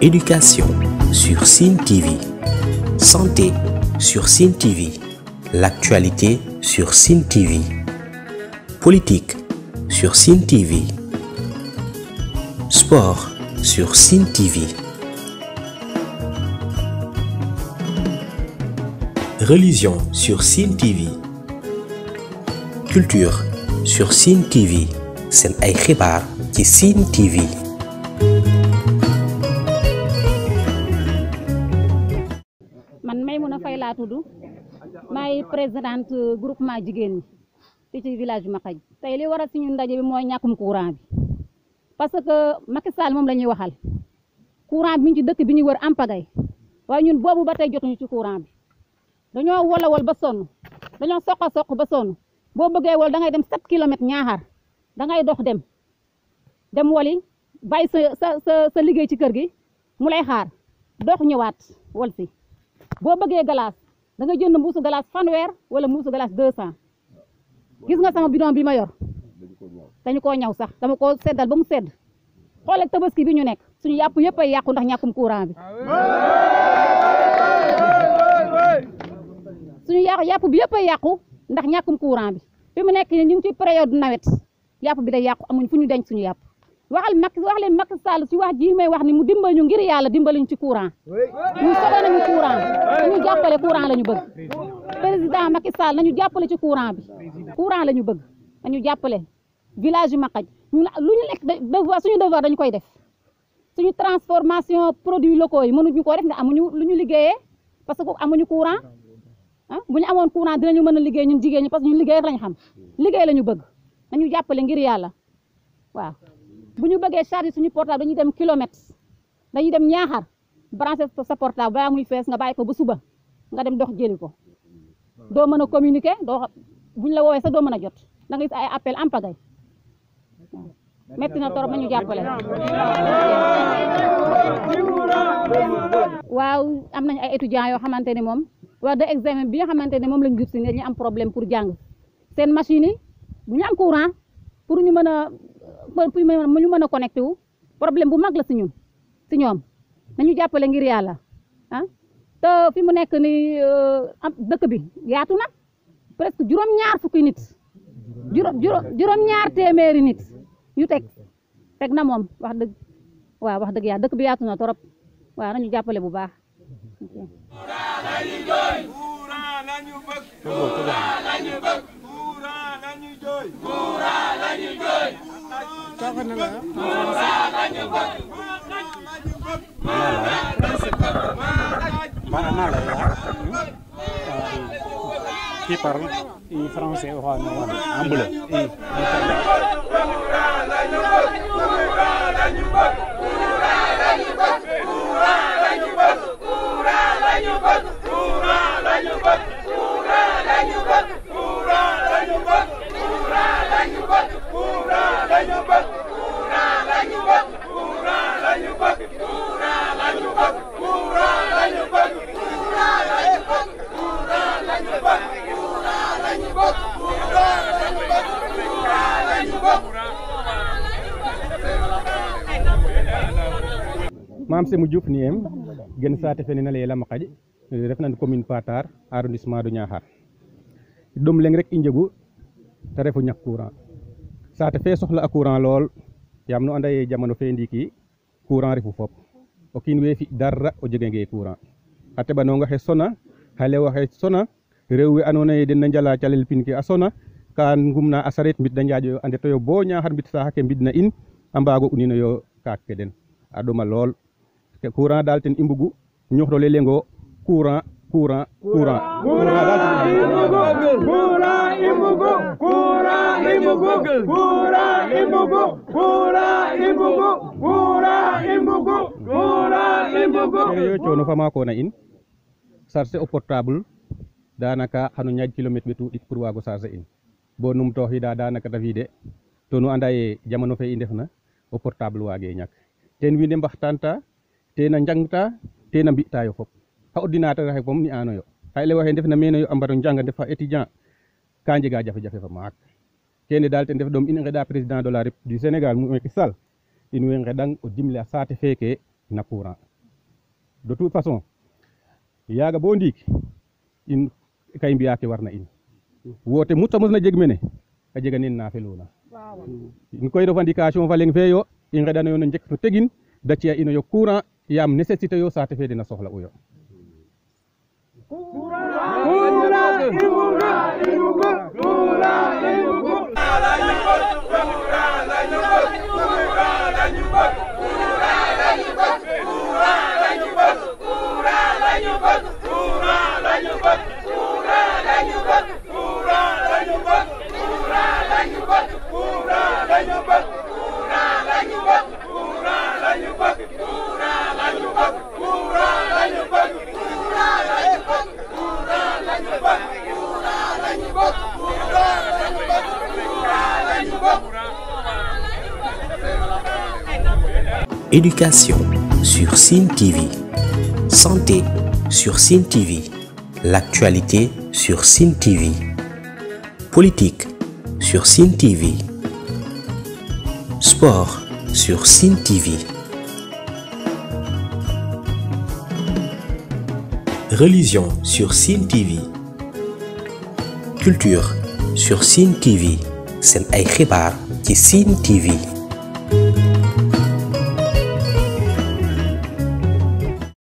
Éducation sur Cine TV. Santé sur Cine TV. L'actualité sur Cine TV. Politique sur Cine TV. Sport sur Cine TV. Religion sur Cine TV. Culture sur Cine TV. C'est ay qui Cine TV laa tudd maay présidente groupement jigéen ñi fii ci village bi Maxaj tey li waral ñun ndaje bi mooy ñàkkum courant bi parce que Macky Sall moom la ñuy waxal courant bi mi ngi ci dëkk bi ñu wër am pagay waaye ñun boobu ba tey jotuñu ci courant bi dañoo wolawal ba sonn dañoo soq a soq ba sonn boo bëggee wol da ngay dem 7 kilomètres ñaaxar da ngay dox dem dem woli bàyyi sa sa sa liggéey ci kër gi mu lay xaar dox ñëwaat wol si boo bëggee glace danga jënd mbuusu glace fanweer wala mbuusu glace deux cent gis nga sama bidon bi ma yor dañu koo ñaw sax dama koo seddal ba mu sedd xool ak tabaski bi ñu nekk suñu yàpp yëpp ay yàqu ndax ñàkkum courant bi suñu yàqu yàpp bi yëpp ay yàqu ndax ñàkkum courant bi fi mu nekk ñu ngi ci période nawet yàpp bi day yàqu amuñ fu ñu denc suñu yàpp waxal Macky wax leen Macky Sall si wax ji may wax ni mu dimbal ñu ngir yàlla dimbaliñ ci courant ñu soxla nañu courant dañu jàppale courant la ñu jàppale ci courant bi courant la ñu bëgg nañu jàppale village yu Maqaj ñu lu ñu nekk devoir suñu dañu koy def suñu transformation produits locaux yi mënuñu ko rek ne amuñu lu ñu liggéeyee parce que amuñu courant ah bu ñu amoon courant dinañu mën a liggéey ñun jigéen ñi parce que ñun liggéey lañu xam liggéey la ñu bëgg nañu jàppale ngir yàlla waaw buñu bëggé charger suñu portable dañuy dem kilomètres dañuy dem ñaaxar brancher sa portable ba muy fess nga bay ko bu suba nga dem dox jëli ko doo mën communiquer do buñ la wowe sa do mëna jot da nga gis ay appel am pagay metti na torop nañu jappalé waaw am nañ ay étudiants yo xamante mom wa da examen bi nga xamante mom lañu lañ ci ñi am problème pour jang sen machine yi bu ñu am courant pour ñu mëna ba fu ñu mëna connecté wu problème bu mag la ci ñun ci ñom nañu jappalé ngir yalla han ah. te fi mu nekk ni euh, am dëkk bi yaatuna presque juroom ñaar fukki nit juroom juroom ñaar téeméeri nit ñu tek tek na mom wax dëgg wa wax dëgg ya dëkk bi yaatuna torop wa nañu jappalé bu baax. joy Toogal na la maanaam qui euh, parle français en bleu Courant la ñu bëgg maam se Diouf ni em gen saate fene na leela ma xaj def nan commune Patar arrondissement du Niakhar dom leng rek injegu ta refu ñak courant saate fe soxla a courant lool anda jamono fe ndiki courant refu fop o kin we fi dara o jege nge courant xa ba no sona xesona lewa waxe sona rew wi anone den na njala calel pin ki a sona ka ngumna a saret mbit ande toyo a bo ñaar bit saaxa ke mbidna in ambaago unino yo kaak den aduma lol. te courant dal ten i mbugu ñoxrole lengo courant courant courant kene yo coono fa maakoona in charger o portable daanaka xanu ñaaj kilomètre ɓetu ɗik pour waago charger in bo num tooxiida daanaka ta fiide to nu anda ye jamano fe i ndefna o portable waage ñak ten wiin we mbaxtaan ta tena jangta tena mbiɗta yo fof ha ordinateur hay ni ano anoyo hay lewa he ndefna meno yo ambaro janga ndefa étudiant kanje ga jafe jafe fa maak kene dal te ndef ɗum ina geɗa président de la république du sénégal mu Macky Sall wen o dimla sate feke na courant de toute façon yaga bo ndik in kay mbiyake warna in wote mutta musna jeg mene a jega nen nafeluna in koy revendication fa leng fe yo i geɗanoyo no jek no tegin da ciya ino yo courant yaa am nécessité yoo saate fee dina soxla uyo Hurra, la nyumbani! Hurra, Éducation sur Cine TV. Santé sur Cine TV. L'actualité sur Cine TV. Politique sur Cine TV. Sport sur Cine TV. Religion sur Cine TV. Culture sur Cine TV. seen ay xibaar ci Sine TV